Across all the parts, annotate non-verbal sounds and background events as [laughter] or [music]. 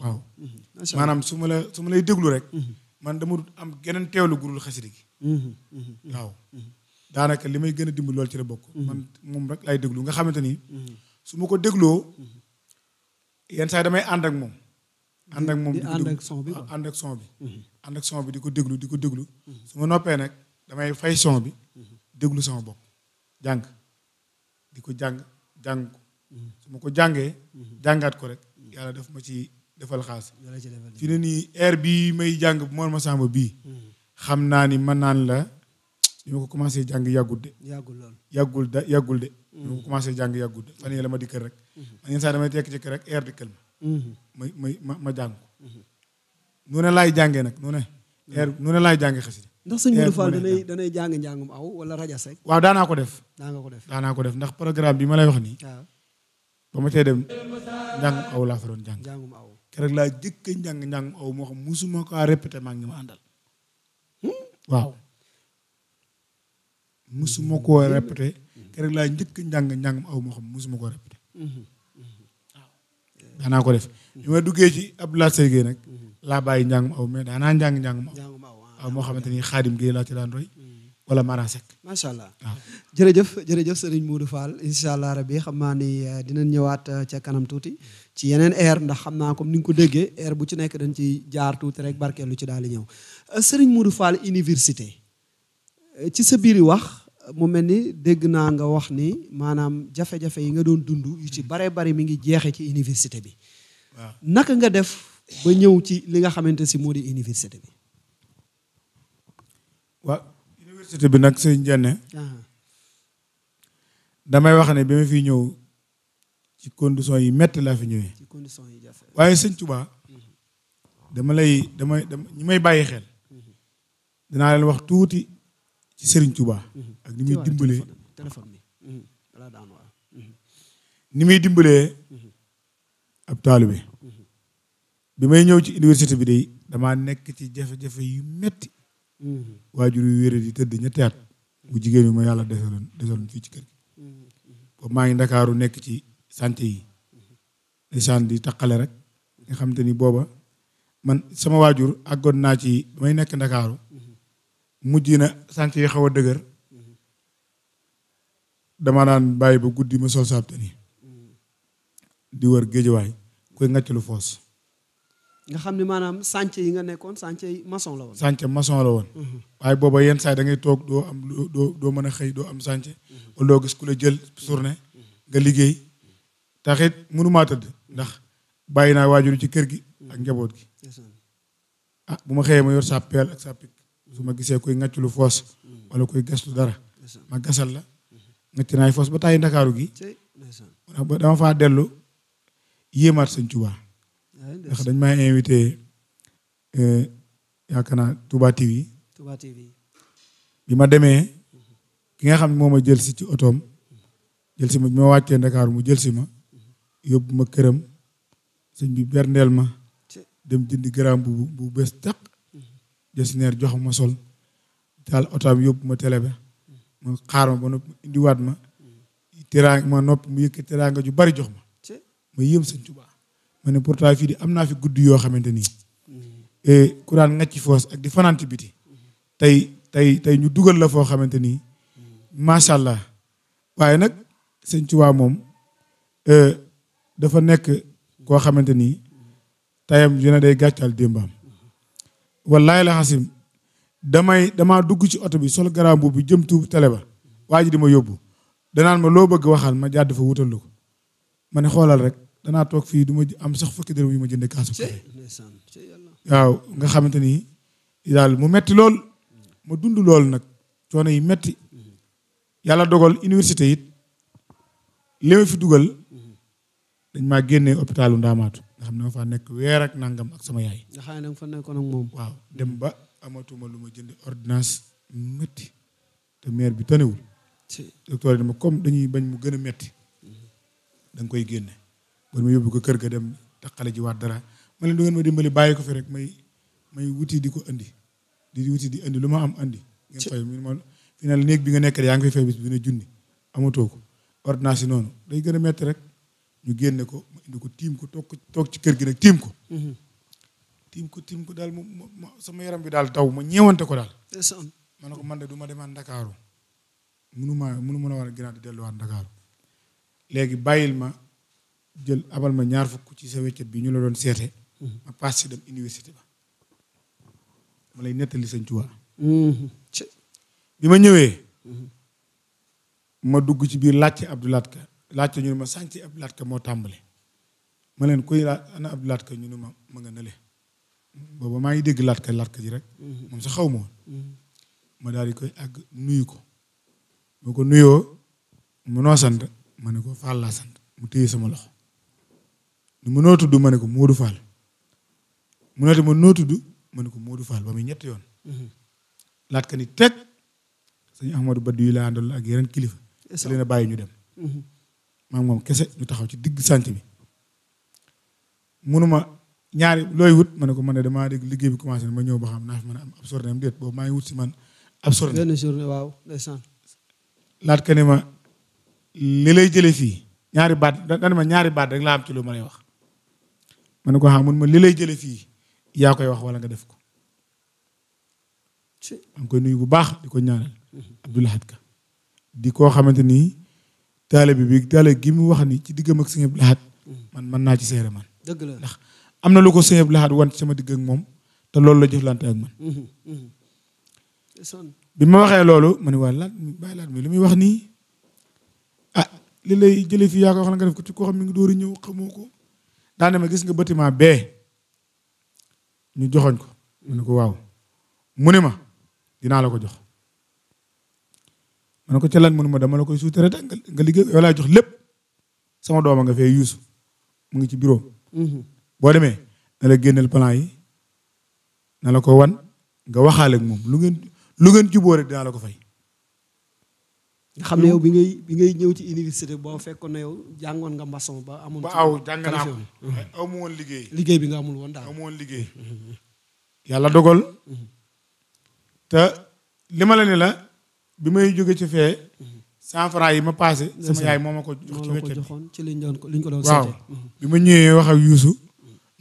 waaw maanaam su ma la su ma lay déglu rek mm-hmm. man dama am geneen teewlu gurul xasida gi mm-hmm. Mm-hmm. waaw daanaka li may gën a dimbali loolu ci la bokk man moom rek laay déglu nga xamante ni su ma ko dégloo yenn saa yi damay ànd ak moom ànd ak moom di ànd ak son bi bi di ko déglu di ko déglu su ma noppee nag damay fay son bi déglu sama bopp jàng di ko jàng jàng ko su ma ko jàngee jàngaat ko rek yàlla daf ma ci defal xaas. fi ne nii air bi may jàng a Massamba bi xam naa ni man naan la. bi ma ko commencé jàng yàggul de. yàggul da yàggul de. Mm-hmm. bi ma ko commencé jàng yàggul de fan yii la ma dikkal rek. Mm-hmm. man yenn saa damay tekki-tekki rek air dikkal ma. may mm-hmm. may ma ma jàng. noonu laay jàngee nag noonu. air noonu laay jàngee xasida. ndax sëñ Modou Fall danay danay jàng njàngum aw wala rajas rek. waaw daanaa ko def. daanaa ko ko def ndax programme bi ma lay wax nii. waaw ba ma cay dem njàngum aw laa fa doon jàng. keroog laa jëkk a njàng njàng aw moo xam musuma kaa ma àndal musuma koo répété keroog laa njëkk a njàng njàng aw moo xam musuma koo répété waaw ko def bi ma ji ab laa Seye Gueye nag mm-hmm. laa bàyyi njàng aw mais daanaa njàng njàng aw aw moo xamante ni xaadim Gueye laa ci daan roy mm-hmm. wala Mara Seck macha allah waaw ah. jërëjëf jërëjëf Serigne Modou Fall incha allah rabi xam naa ni eh, dinañ ñëwaat eh, ca kanam tuuti ci yeneen air ndax xam naa comme ni nga ko déggee air bu ci nekk dañ ci jaar tuuti rek barkeelu ci daal di ñëw eh, Serigne Modou Fall université ci sa biir wax mu mel ni dégg naa nga wax ni maanaam jafe-jafe yi nga doon dund yu ci bare bari mi ngi jeexe ci université bi waaw naka nga def ba ñëw ci li nga xamante si moo di université bi waaw université bi nag sëñ Jenne uh-huh. damay wax ne fi ñëw ci condition yi metti laa fi ñëwee waaye sëñ Tuubaa dama lay damay ñi may bàyyi xel uh-huh. dinaa leen wax tuuti ci sëriñ Tuubaa uh-huh. ak ni muy dimbalee ni muy dimbalee ab taalibe bi may ñëw ci université bi day dama nekk ci jafe-jafe yu metti waajur yu wéere yi tëdd ñetti at bu jigéen bi ma yàlla desaloon desaloon fii ci kër gi boobu maa ngi ndakaaru nekk ci santé yi ndeysaan di taqale rek nga xam ni booba man sama waajur àggoon naa ci may nekk ndakaaru mujj na santé yi xaw a dëgër dama daan bàyyi ba guddi ma sol saabte ni di wër géejawaay koy ngàcc lu foos nga xam ne maanaam chantier yi nga nekkoon chantier maçon la woon. chantier la woon. Mhm. waaye booba yenn saa dangay toog doo am doo doo mën a xëy doo am chantier. wala mhm. doo gis ku la jël journée. Mhm. nga liggéey taxit mënumaa tëdd. ndax bàyyi naa waajur ci kër gi. ak njaboot gi. ah bu ma xëyee ma yor sa peel ak sa pik. su ma gisee koy ngàcc lu foos. wala kuy gastu dara. ma gasal la. ngàcc naay foos ba taayu ndakaaru gi. dama faa dellu yéemaat sëñ Tuubaa ndax dañ maa invité euh, yaakaar naa Touba TV. Touba TV. bi ma demee ki nga xam ne moo ma jël si ci otoom jël si ma bi ma wàccee Ndakaaru mu jël si ma yóbbu ma këram sëñ bi berndeel ma dem jëndi garaam bu bu bés taq desineer jox ma sol daal otoom yóbbu ma télé ba mu xaar ma ba noppi indiwaat ma teraanga ma noppi mu yëkk teraanga ju bari jox ma ma yéem sëñ Touba ma ne pourtant fii di am naa fi guddi yoo xamante ni eh, ku daan ngacc foos ak di fanaan biti tey tey tey ñu dugal la foo xamante ni macha allah waaye nag sëñ Tuubaa moom eh, dafa nekk koo xamante ni tayam dina day gàccal démbaam wallaay la xasim damay damaa dugg ci oto bi sol garaam bu jëm tuub tele ba waa di ma yóbbu danaan ma loo bëgg waxal ma jàdd fa wutal ma ne xoolal rek danaa toog fii du ma am sax fukki dërëm yu ma jëndee kaasu café waaw nga xamante ni daal mu metti lool ma dund lool nag coono yi metti yàlla dogal université it li ma fi dugal dañ maa génnee hôpitalu Ndaamaatu nga xam ne ma faa nekk weer ak nangam ak sama yaay. nga xam ne fa nekkoon ak moom. waaw dem ba amatuma lu ma jënd ordonnance metti te maire bi tanewul docteur ma comme dañuy bañ mu gën a metti da koy génne. ba ma yóbbu ko kër ga dem taqale ji waat dara ma leen du ngeen ma dimbali bàyyi ko fi rek may may wuti di ko indi di wuti di indi lu ma am indi ngeen fay mu ma néeg bi nga nekk yaa ngi fay fay bis bi ne junni amatoo ko ordonnance yi noonu day gën a metti rek ñu génne ko ma indi ko tiim ko toog toog ci kër gi nag tiim ko mhm. tiim ko tiim ko daal ma sama yaram bi daal taw ma ñeewante ko daal ma ne ko man de du ma demaat Ndakaaru munu maa munu mën a war a gënaat di delluwaat Ndakaaru léegi bàyyil ma jël abal ma ñaar fukk ci sa wéccet bi ñu la doon seete ma paas si dem université ba ma lay nettali sëñ Tuubaa mm-hmm. bi ma ñëwee ma dugg ci biir laajte Abdou Lahad Ka laajte ñu ne ma sànci Abdou Lahad Ka moo tàmbale ma leen kuy laaj ana Abdou Lahad ñu ne ma ma nga nële booba maa ngi dégg Lahad Ka Lahad ji rek mm-hmm. moom sa xaw ma mm-hmm. ma daal di koy àgg nuyu ko boo ko nuyoo munoo sant ma ne ko Fall laa sant mu téye sama loxo mënoo tudd ma ne ko Modou Fall mënoo ma noo tudd ma ne ko Modou Fall ba muy ñetti yoon. Mm-hmm. laat ka ni teg sëñ Ahmadou Badou yi ak yeneen kilifa. si leen ñu dem. Mm-hmm. maa moom kese ñu taxaw ci digg sant bi. munuma looy wut ma ne ko man ne damaa liggéey bi commencé ma ñëw ba xam naa a am ab sorne am déet boobu ngi wut si man ab sorne. benn waaw ndeysaan. laat ka ma li lay jëlee fii ñaari baat da ma ñaari baat rek laa am ci lu wax. ma ne ko ah mun ma li lay jëlee fii yaa koy wax wala nga def ko. maa ngi koy nuyu bu di ko ñaanal. Mm-hmm. Abdou Lahad Ka di koo ni taalibe bi taalibe gi mu wax ni ci diggam ak sëñ Abdou mm-hmm. man naa ci seere man. ndax am na lu ko sëñ Abdou Lahad ci sama digg moom te loolu la jëflante ak man. Mm-hmm. bi ma waxee loolu ma ne waa laat bàyyi laat mi li muy wax nii ah li lay jëlee fii yaa koy wax la nga def ko ci koo xam ne mi ngi door a ñëw xamoo ko. daane ma gis nga bâtiment bee ñu joxoñ ko mu ko waaw mu ne ma dinaa la ko jox ma ko ca lan mu ne ma dama la koy suutare te nga liggéey yow laa jox lépp sama dooma nga fee yuusu mu ngi ci bureau mhm. boo demee na la génneel plan yi na la ko wan nga waxaale moom lu ngeen lu ngeen jubóo rek dinaa la ko fay xam ne yow bi ngay bi ngay ñëw ci université boo fekkoon na yow jàngoon nga maçon ba amoon ba aw jàng naa ko liggéey liggéey bi nga amul woon daal amu woon liggéey yàlla dogal te li ma la ne la bi may jógee ci fee cent francs yi ma paase sama yaay moom ma ko jox ci weccet ci liñ doon liñ ko doon waaw bi ma ñëwee wax ak Youssou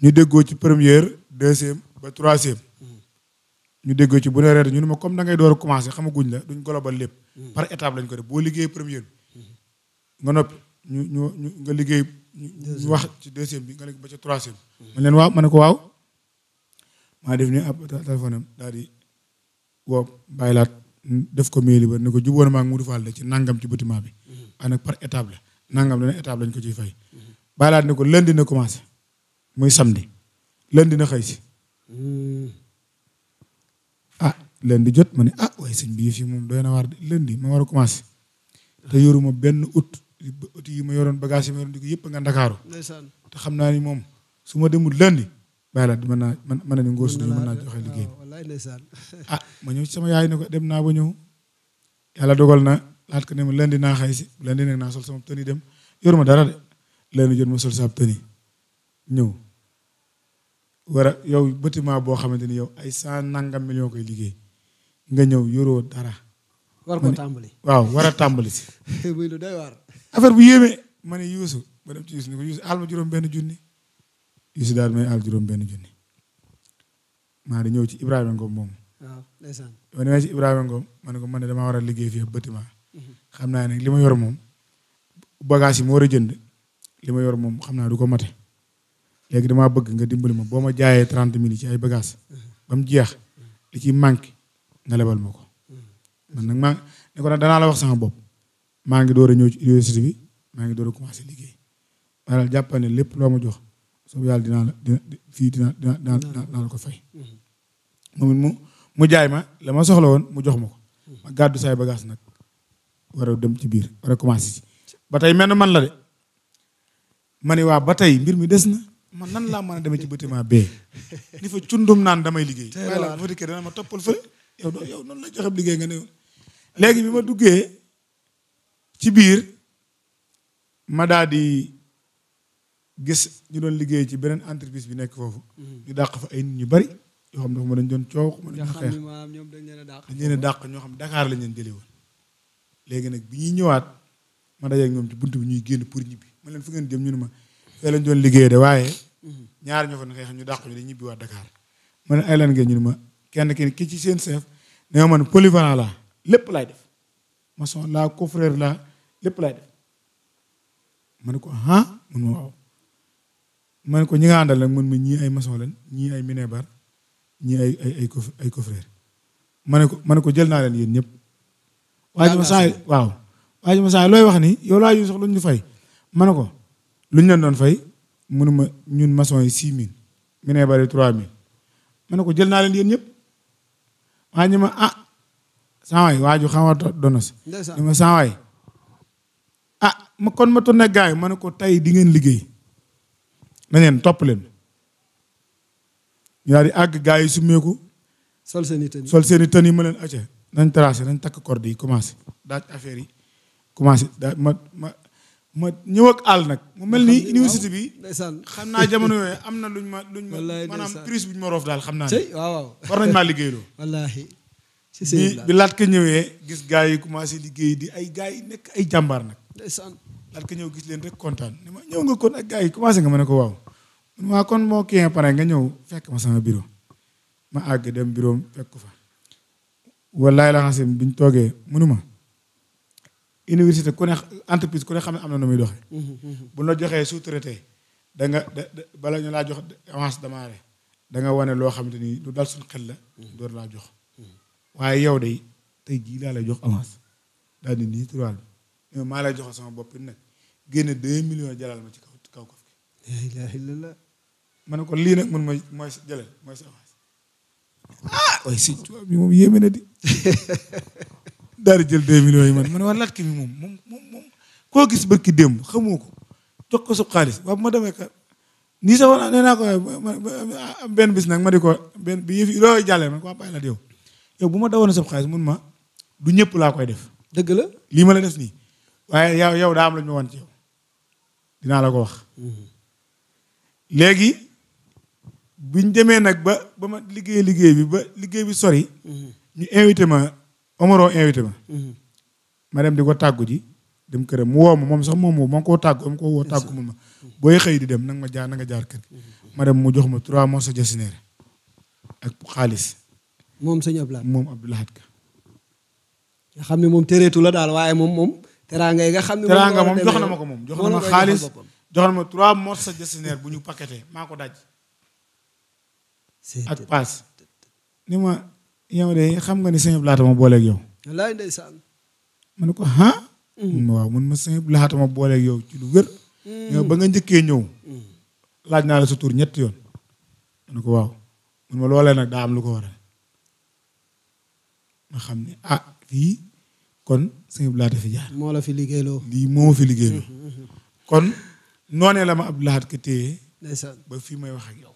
ñu déggoo ci première deuxième ba troisième ñu déggoo ci bu dee ren ñu ne ma comme da ngay door a commencé xamaguñ la duñ ba lépp. Hmm. par étape lañ ko def boo liggéey première bi. nga noppi ñu ñu nga liggéey. ñu wax ci deuxième bi nga liggéey ba ca troisième. ma leen waaw ma ne ko waaw. maa def ni ab téléphone am daal di woo bàyyi laat def ko mairie ba ne ko juboon maa ngi Modou Fall de ci nangam ci bâtiment bi. waaye hmm. nag par étape la nangam dana étape lañ ko ciy fay. bàyyi laat ne ko lundi na commencé muy samedi lundi na xëy si. Hmm. lundi jot ma ne ah waaye sëñ bi yëf yi moom doy na waar lundi ma war a commencé te yoruma benn ut yi ma yoroon bagage yi ma yoroon di ko yëpp nga ndakaaru te xam naa ni moom su ma demul lundi bàyyi laa mën naa mën na ni ngóor suñu mën naa joxe liggéey ah, [laughs] ah ma ñëw sama yaay ne ko dem naa ba ñëw yàlla dogal na laat ko ne ma lundi naa xay si lundi nag naa sol sama tëni dem yoruma dara de lundi jot ma sol sama tëni ñëw war a yow bâtiment boo xamante ni yow ay cent nangam million koy liggéey nga ñëw yoroo dara. tàmbali waaw war a tàmbali si. [laughs] muy lu doy waar. bu yéeme ma ne Youssou ma dem ci ma juróom-benn junni Youssou daal may àll maa di ñëw ci Ibrahima Ngom moom. waaw ndeysaan. ma demee ci Ibrahima Ngom ma ne ko man ne damaa war a liggéey fii mhm. xam naa ne li ma yor moom bagage yi ma war a jënd li ma yor moom xam naa du ko mate. damaa bëgg nga dimbali ma boo ma jaayee trent mille ci ay bagage mhm. ba jeex li ciy manqué nga lebal ma ko man nag maa ne nag danaa la wax sama bopp maa ngi door a ñëw ci université bi maa ngi door a commencé liggéey waaye lépp loo ma jox soo yàlla dinaa la fii dina ko fay moom mu jaay ma la soxla woon mu jox ma ko ma gàddu saay bagage nag ci biir war a ba tey mel man la de ma ne waa ba tey mbir mi des na ma nan laa man a demee ci bâtiment bee ni fa cundum naan damay liggéey waaye la dama ma toppal fële yow doo yow noonu la joxe liggéey nga ne léegi bi ma duggee ci biir ma di gis ñu doon liggéey ci beneen entreprise bi nekk foofu. Mm-hmm. ñu dàq ay nit ñu bari yoo xam ne dañ doon coow ma dañ doon xeex dañ leen a dàq ñoo xam Dakar lañ leen jëlee woon. léegi nag bi ñuy ñëwaat ma dajeeg ñoom ci buntu bi ñuy génn pour ñibbi ma leen fu ngeen jëm ñu ma lañ doon liggéey de waaye. Mm-hmm. ñaar ñoo fa ne xeex ñu dàq ñu dañ ñibbi waat Dakar ma ne ay lan ngeen ñu ma. kenn ki ki ci seen chef ne ma man polyvalent laa lépp laay def maçon laa coffreur laa lépp laay def ma ne ko ah mun ma waaw ma ne ko ñi nga àndal nag mun ma ñii ay maçon lañ ñii ay minébar ñii ay ay ay ma ne ko ma ne ko jël naa leen yéen ñëpp. waa ji waaw waa ma saa looy wax ni yow laa yu sax fay ma ne ko lu leen doon fay mënuma ñun maçon yi six mille minébar yi trois mille ma ne ko jël naa leen yéen ñëpp. Ah, waa ji ma ah sanwaay waa ju xaw a doon si ni ma sanwaay ah ma kon ma tourné gars yi ma ne ko tey di ngeen liggéey na ngeen topp leen ñu di àgg gars yi summeeku sol seen i sol seen i yi ma leen acce nañ tracé nañ takk corde yi commencé daaj affaire yi commencé ma ñëw ak àll nag mu mel ni université bi xam naa jamono yooyu am na luñ ma luñ ma maanaam prise bu ñu ma roof daal xam naa ne waaw war nañ maa liggéeyloo [laughs] wallaahi bi bi laat ka ñëwee gis gaa yi commencé liggéey di ay gaa yi nekk ay jàmbaar nag laat ka ñëw gis leen rek kontaan ne ma ñëw nga kon ak gaa yi commencé nga ma ne ko waaw waa kon moo kii pare nga ñëw fekk ma sama bureau ma àgg dem bureau fekk ko fa wallaay la xasim biñ toogee mënuma université ku ne entreprise ku ne xam ne am na nu muy doxee. Mm-hmm, mm-hmm. bu la joxee sous-traité da nga bala ñu laa jox avance démarré da nga wane loo xamante ni lu dal suñu xel la. Mm-hmm. door laa jox. waaye yow de te jii laa lay jox avance daal di nii ma bi maa lay joxal sama bopp nag génne deux millions jalal ma ci kaw kaw ko la ilaha illallah. ma ne ko lii nag man mooy mooy sa jalal mooy sa ah! si tubaab bi moom yéeme na di. [laughs] daal di jël deux million yi man man waa lat ki mi moom moom koo gis bërki démb xamoo ko jox ko su xaalis waaw bu ma demee ka nii sax nee naa ko benn bis nag ma di ko benn bi yëf looy jàllee man ko bàyyi la yow yow bu ma dawoon sa xaalis mun ma du ñëpp laa koy def dëgg la lii ma la def nii waaye yow yow daa am la ñu woon ci yow dinaa la ko wax mm-hmm. léegi biñ demee nag ba ba ma liggéey liggéey bi ba liggéey bi sori mm-hmm. ñu invité ma Omaro invité ma. Mhm. ma dem di ko tàggu ji. dem këram mu woo ma moom sax moom moo ma koo tàggu am koo woo ma booy xëy di dem nag ma jaar na nga jaar kër. ma dem mu jox ma trois morceaux jasineer ak xaalis. moom sëñ xam ne moom tereetu la daal waaye moom moom. yi nga xam ne teraanga ko moom jox na ma xaalis jox na ma trois morceaux bu ñu paqueté maa ko daj. ak paas yow de xam nga ni sëñ Abdou Lahat ma booleeg yow. wallaay ndeysaan. ne ko ah. waaw ma sëñ Abdou ma booleeg yow ci lu wér. Mm. yow ba nga njëkkee ñëw. Mm. laaj naa la sa tur ñetti yoon. ma ne ko waaw mun ma loolee nag daa am lu ko waral. ma xam ni ah fii kon sëñ Abdou Lahat fi jaar. fi liggéeyloo. lii moo fi liggéeyloo. Mm-hmm, mm-hmm. kon noonee la ma Abdou Lahat ka téye. ba fii may wax ak yow.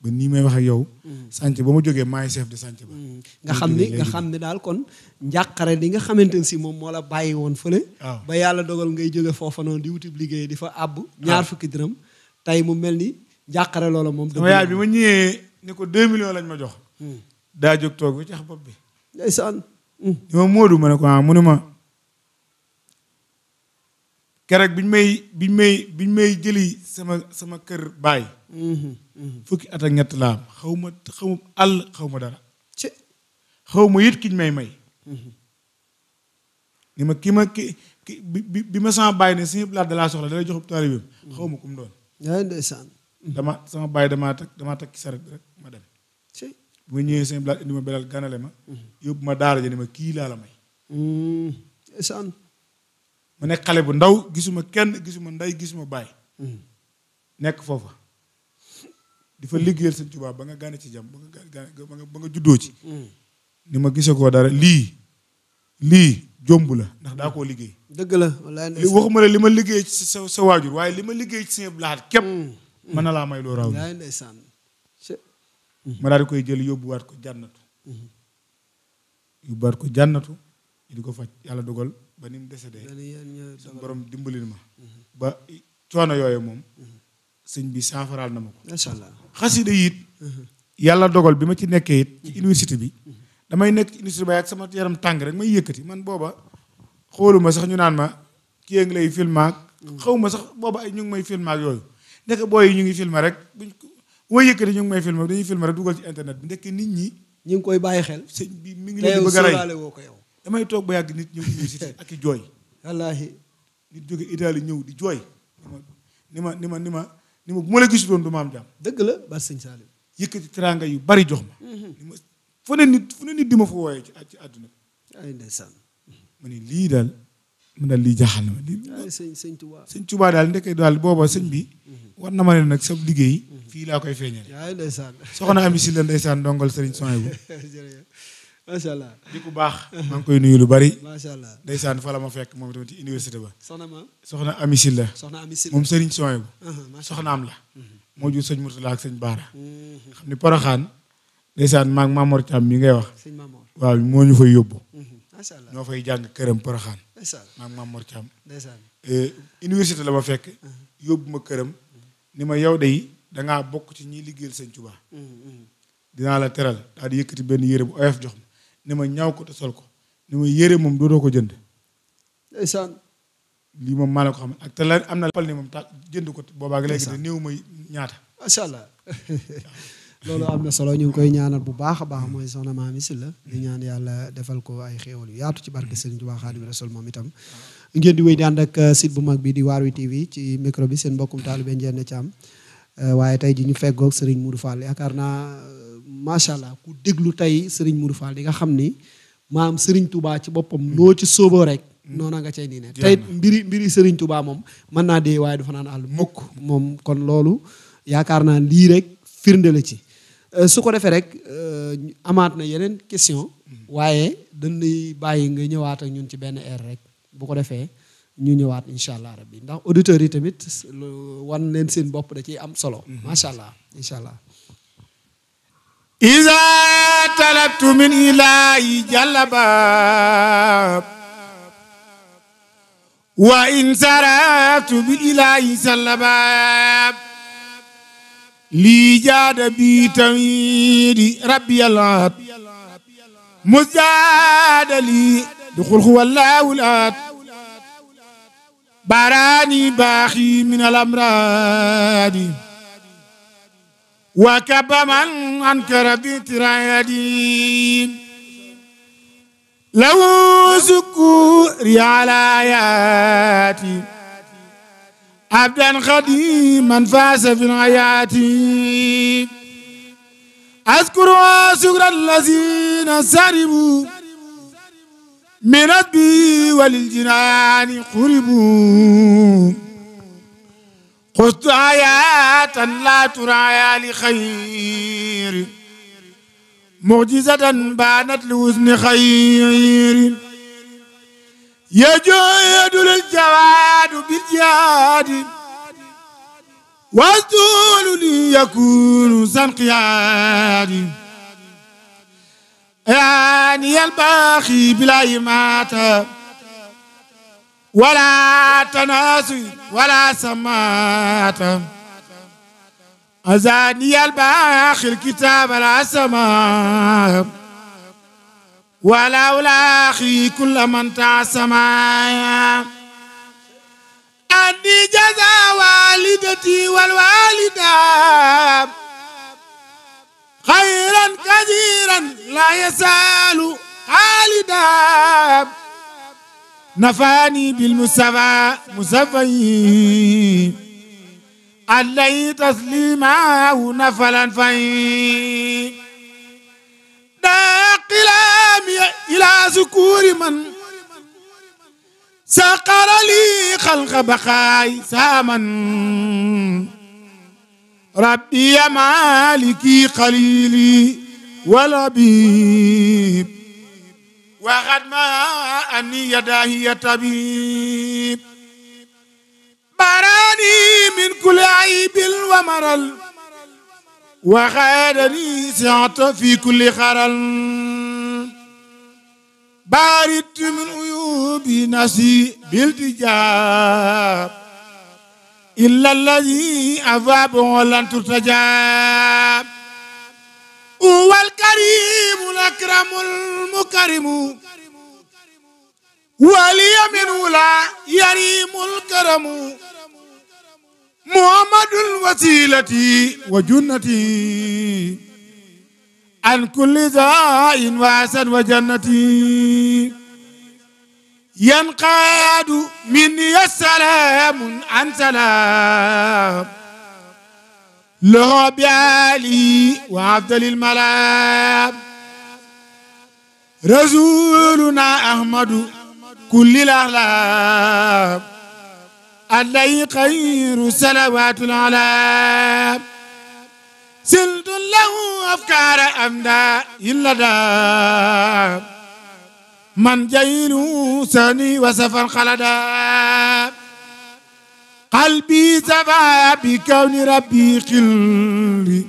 ba nii may waxee ak yow. Mm. sànc ba ma jógee maay chef de sànc ba. Mm. nga xam ni nga xam ni daal kon njàqare li nga xamante si moom moo la bàyyi woon fële. Ah. ba yàlla dogal ngay jóge foofa noonu di wuti liggéeye di fa àbb. Ah. ñaar fukki dërëm tey mu mel ni njàqare loola moom. dama yaay bi ma ñëwee ne ko 2 millions lañ ma jox. Mm. daa jóg toog bi bopp bi. ndeysaan. ni ma Moodu ma ne ko ah mu ne ma biñ may biñ may jëli sama sama kër baay. Mm-hmm. fukki at ak laa am xaw ma xaw ma xaw ma dara. ci xaw ma it kiñ may may. ni ma kii ma ki bi bi ma sama bàyyi ne suñu laaj da laa soxla da jox taalibeem xaw ma ku dama sama bàyyi damaa takk damaa takk saret ma dem. ci bu ma ñëwee suñu laaj indi ma belal ganale ma. yóbbu ma daara ja ma kii laa la may. Mm. nekk xale bu ndaw gisuma kenn gisuma ndey gisuma bàyyi. Mm. nekk foofa. di fa liggéeyal sëñ Tuubaa ba nga gane ci jàmm ba nga gane ba juddoo ci mm. ni ma gise koo dara lii lii jomb la ndax daa koo liggéey dëgg la li waxuma la li ma liggéey ci sa sa waajur waaye li ma liggéey ci sëñ laxaat képp mm. Mm. mën na laa may loo raw ndeysaan ma daal di koy jël yóbbuwaat ko jànnatu mm-hmm. yóbbuwaat ko jànnatu di ko faj yàlla dogal ba ni mu décédé suñu borom dimbalin ma mm-hmm. ba coono yooyu moom mm-hmm. sëñ bi saafaraal na ma ko. macha allah xasida yi yàlla dogal bi ma ci nekkee it ci université bi. damay nekk université ba ak sama yaram tàng rek may yëkkati man booba xooluma sax ñu naan ma kii yaa ngi lay filmaak. xaw ma sax booba ay ñu ngi may filmaak yooyu. ndeke booy yi ñu ngi filma rek buñ way yëkkati ñu ngi may filma dañuy filma rek dugal ci internet bi ndekk nit ñi. ñu ngi koy bàyyi xel. sëñ bi mi ngi leen di bëgg a rey damay toog ba yàgg nit ñëw université ak i jooy. wallaahi nit jóge Italie ñëw di jooy. ni ma bu ma la gis doon du ma am jàmm dëgg la ba sëñ Saliou yëkkati teraanga yu bari jox mhm. ma fu ne nit fu ne nit di ma fa wooyee ci ci àdduna ay ndeysaan ma ne lii daal mu daal lii jaaxal na ma lii sëñ sëñ Touba sëñ Touba daal ndeke dal booba sëñ bi mhm. war na ma ne nag sa liggéey mhm. fii laa koy feeñal ay ndeysaan soxna Ami si la ndeysaan ndongal sëriñ Sohaibou [laughs] macha allah di ku baax. [laughs] maa ngi koy nuyu lu bari. macha allah ndeysaan fa la ma fekk moom itam ci université ba. soxna ma soxna Amisil la. soxna Amisil moom Serigne Soyebu. soxnaam la. Mhm. moo jur sëñ Mourtala ak sëñ Baara. Mhm. xam ni Poroxaan. ndeysaan maa ngi Mamor Thiam mi ngay wax. waaw moo ñu fay yóbbu. Mhm. macha allah ñoo fay jàng këram Poroxaan. maa ngi Mamor Thiam. Eh, université la ma fekk. yóbbu ma këram. ni ma yow de da ngaa bokk ci ñiy liggéeyal sëñ Tuubaa. dinaa la teral daal di yëkkati benn yére bu oyof jox ma. ne ma ñaw ko te sol ko ne ma yére moom doodoo ko jënd. ndeysaan. lii moom maa ko xam ak te la am na pal moom ta jënd ko boobaa léegi te néew may ñaata. macha allah [laughs] am na solo ñu ngi koy ñaanal bu baax a baax mooy soxna Mamy Sylla di ñaan yàlla defal ko ay xéewal yu yaatu ci barke Serigne Touba Xaadimu Rasuul moom itam. ngeen di wéy di ànd uh, bu mag bi di wi TV ci micro bi seen mbokkum taalibe Ndiéna Thiam uh, waaye tey ji ñu feggoog Serigne Modou Fall yaakaar naa. macha allah ku déglu tey Serigne Modou Fall di nga xam ni maam Serigne Touba ci boppam noo ci sooboo rek. noona nga cay nii ne tey mbiri mbiri Serigne Touba moom mën naa dee waaye du fa naan mukk moom kon loolu yaakaar naa lii rek firnde la ci. Euh, su ko defee rek euh, amaat na yeneen question hmm. waaye dañ lay bàyyi nga ñëwaat ak ñun ci benn air rek bu ko defee ñu ñëwaat incha allah rabbi ndax auditeurs yi tamit wan leen seen bopp da ciy am solo. Hmm. macha allah incha allah. إذا طلبت من إلهي جل باب وإن سرفت بالإلهي سل باب لي جاد بي تميري ربي العاب مزاد لي دخل هو الله الآت باراني باخي من الأمراض وكب من أنكر بترايدي لو سكوري على آياتي عبدا خديما فاز في الآيات أذكر شكر الذين سربوا من ربي وللجنان قربوا xust ayaatan laa turaaya li xayri mujizatan baanat li wusni xayri yajuudu lil jawaadu bil jaadi wasduulu li yakuunu san qiyaadi yaani yal baaxi bilaa imaata ولا تناسي ولا سمات أزاني الباخ الكتاب لا سماء ولا أخي كل من تعسما أني جزا والدتي والوالدة خيرا كثيرا لا يزال خالدا نفاني بالمصطفى مصطفى علي تسليما نفلا في داقلا إلى ذكور من سقر لي خلق بقاي سامن ربي مالكي قليلي ولبيب waxat ma anni yadaahi ya tabib baraani min kulli aybin wa maral waxaadani siata fi kulli xaral baarit min uyubi nasi biltijaab illa alladi afaabo lan turtajaab هو الكريم الأكرم المكرم واليمن لا يريم الكرم محمد الوسيلة وجنتي عن كل ذاء واسد وجنتي ينقاد مني السلام عن سلام له بعالي وعبد الملاب رسولنا أحمد كل الأحلام عليه خير صلوات العلام سلت له أفكار أمدا إلا من جيل سني وسفر خلدا qalbi safa bi kawni rabbi xilli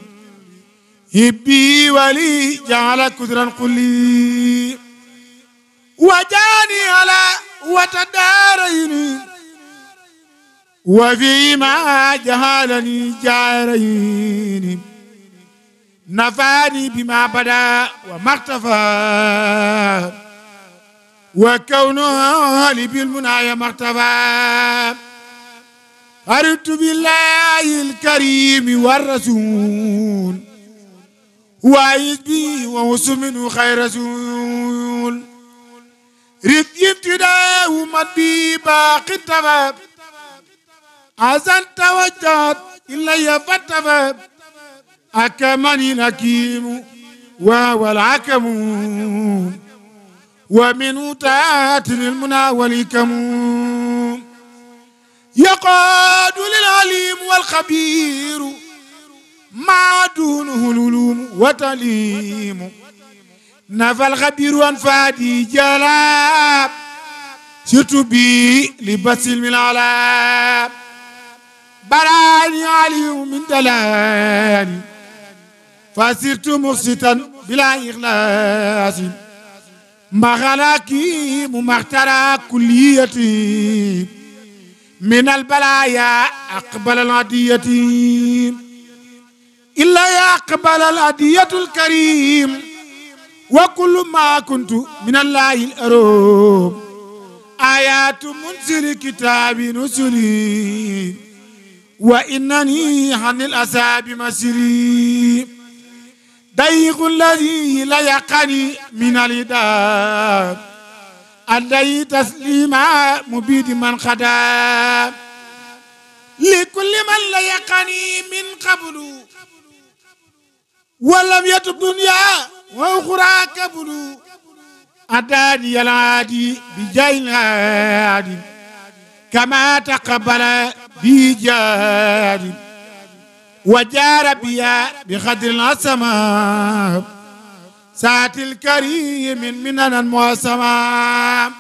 hibbi wali jaala kudran qulli wajaani ala wata daarayni wa fi ma jahalani jaarayni nafaani bima bada wa martafa wa kawnu hali bil munaya martafa أردت بالله الكريم والرسول وعيد بي ووسمن خير رسول رد ابتداء مدي باقي التباب أزل توجهت إلي فالتباب أكمني الحكيم وهو الحكم ومن تاتي المنى والكمون يقاد للعليم والخبير ما دونه العلوم وتليم نفى الخبير أنفادي جلاب سرت بي لبس الملعلاب براني علي من دلاني فسرت مقسطا بلا إخلاص ما غلاكي ما اخترى كليتي من البلايا أقبل العدية إلا يقبل العدية الكريم وكل ما كنت من الله الأروم آيات منزل كتاب نسلي وإنني عن الأساب مسري ضيق الذي لا يقني من الإدام أدي تسليما مبيد من خدا لكل من ليقني من قبل ولم يتب دنيا وأخرى قبل أداني العادي بجاي العادي كما تقبل بجاد وجار بيا بقدر السماء سات الكريم من منن وسما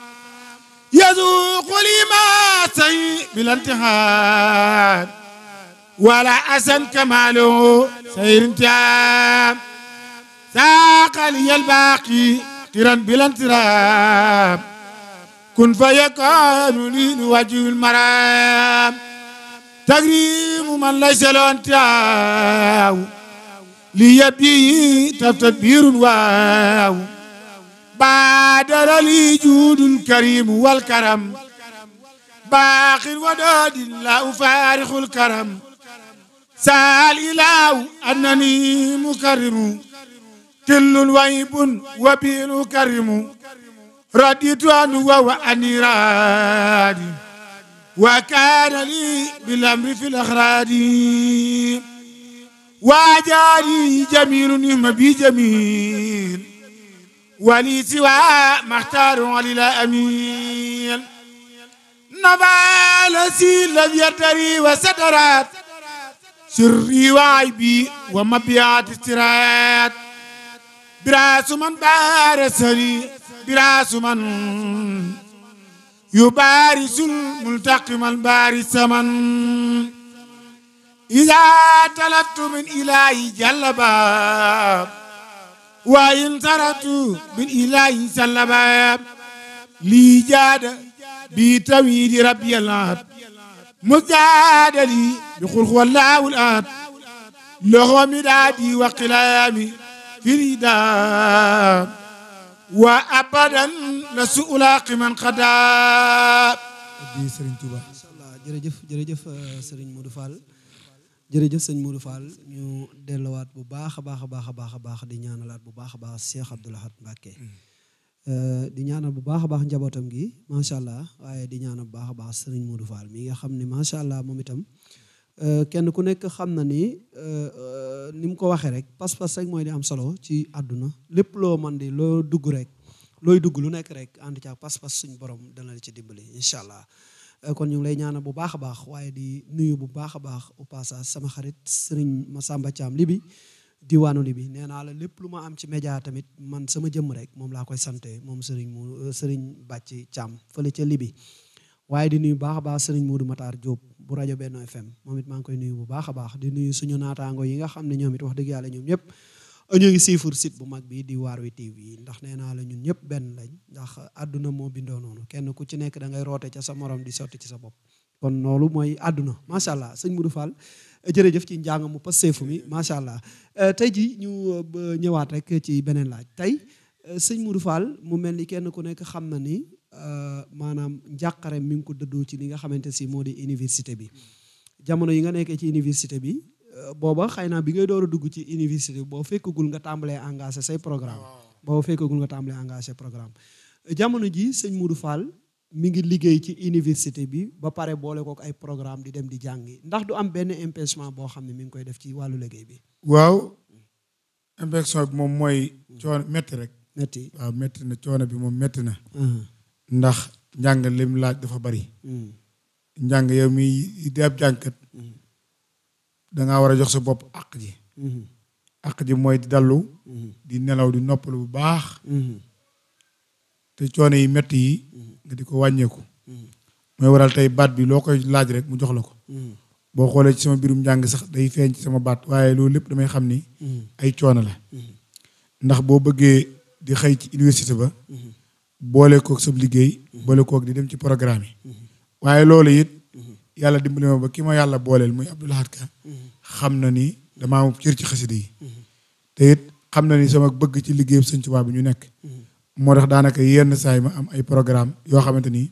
يذوق لما سيء بلا انتهاء ولا أسن كماله سير انتهاء ساق لي الباقي قرا بلا انتراب كن فيكون لي لوجه المرام تكريم من ليس له انتهاء li yadi tatbiirun waaw baadara li juudul karim wal karam baaxir wadaadin laa ufaarixul karam saal ilaahu annani mukarimu killun wayibun wabiinu karimu raditu anhu wa wa aniraadi wa kaana li bil amri fil axraadi waajaari jamiilu nihma bi jamiil wali siwa maxtaaru alila amiin nabaala si lam yartari wa sataraat sirri wa aybi wa mabiyaati siraat biraasu man baarasani biraasu man yubaarisul multaqiman baarisaman إذا تلت من إله جل باب وإن ترت من إله سل باب لي جاد بتويد ربي الآت مزداد لي بقول هو الله الآت له مدادي وقلامي في رداء وأبدا لسوء لاق من قدا. jërëjëf jërëjëf Serigne Modou Fall. jërëjëf sëñ Modou faal ñu delluwaat bu baax a baax a baax a baax a baax di ñaanalaat bu baax a baax Cheikh Abdou Lahad Mbacké mm. euh, di ñaanal bu baax a baax njabootam gi macha allah waaye di ñaanal bu baax a baax sëriñ Modou Fall mi nga xam ni macha allah moom itam euh, kenn ku nekk xam na ni euh, ni mu ko waxee rek pas-pas rek mooy di am solo ci àdduna lépp loo man di loo dugg rek looy dugg lu nekk rek ànd ca pas-pas suñ borom dana la ci dimbali incha allah. Eh, kon ñu ngi lay ñaanal bu baax a baax waaye di nuyu bu baax a baax au passage sama xarit Serigne Massamba Thiam Libi diwaanu Libi nee naa la lépp lu ma am ci média tamit man sama jëmm rek moom laa koy sante moom Serigne mu eh, Serigne Bàcci Thiam fële ca Libi waaye di nuyu baax a baax Serigne Modou Matar Diop bu rajo Benno FM moom it maa ngi koy nuyu bu baax a baax di nuyu suñu naataangoo yi nga xam ne ñoom it wax dëgg yàlla ñoom ñëpp ñu ngi siifur site bu mag bii di waar Waarwi TV ndax nee naa la ñun ñëpp benn lañ ndax àdduna moo bindoo noonu kenn ku ci nekk dangay roote ca sa morom di sotti ci sa bopp kon loolu mooy àdduna macha allah sëñ Modou Fall jërëjëf ci njàng mu passeefu mi macha allah euh, tey ji ñu euh, ñëwaat rek ci beneen laaj tey euh, sëñ Modou Fall mu mel ni kenn ku nekk xam na ni maanaam njàqare mi ngi ko dëddoo ci li nga xamante si moo di université bi jamono yi nga nekkee ci université bi Euh, booba xëy na bi ngay door a dugg ci université boo fekkagul nga tàmbalee engagé say programme boo fekkagul nga tàmbalee engagé programme jamono ji sëñ Modou Fall mi ngi liggéey ci université bi ba pare boole kook ay programme di dem di jàngi ndax du am benn empêchement boo xam ne mi ngi koy def ci wàllu liggéey bi waaw empêchement bi moom mooy coono métti rek métti waaw métti na coono bi moom métti na ndax njàng lim laaj dafa bari njàng yow mi di ab jàngkat dangaa war a jox sa bopp àq ji mm-hmm. àq ji mooy di dallu mm-hmm. di nelaw di noppalu bu baax mm-hmm. te coono yi metti yi nga di ko wàññeeku mooy waral tey baat bi loo koy laaj rek mu jox la ko boo xoolee ci sama birum njàng sax day feeñ ci sama baat waaye loolu lépp damay xam ni ay coono la ndax boo bëggee di xëy ci université ba boole kook sab liggéey boole kook di dem ci programme yi waaye loolu it yàlla dimbali ma ba ki ma yàlla booleel muy Abdou Lahad Ka xam na ni damaa am cër na ni sama bëgg ci liggéeyam Sëñ Tuubaa bi ñu nekk moo tax daanaka yenn saa yi ma yoo xamante ni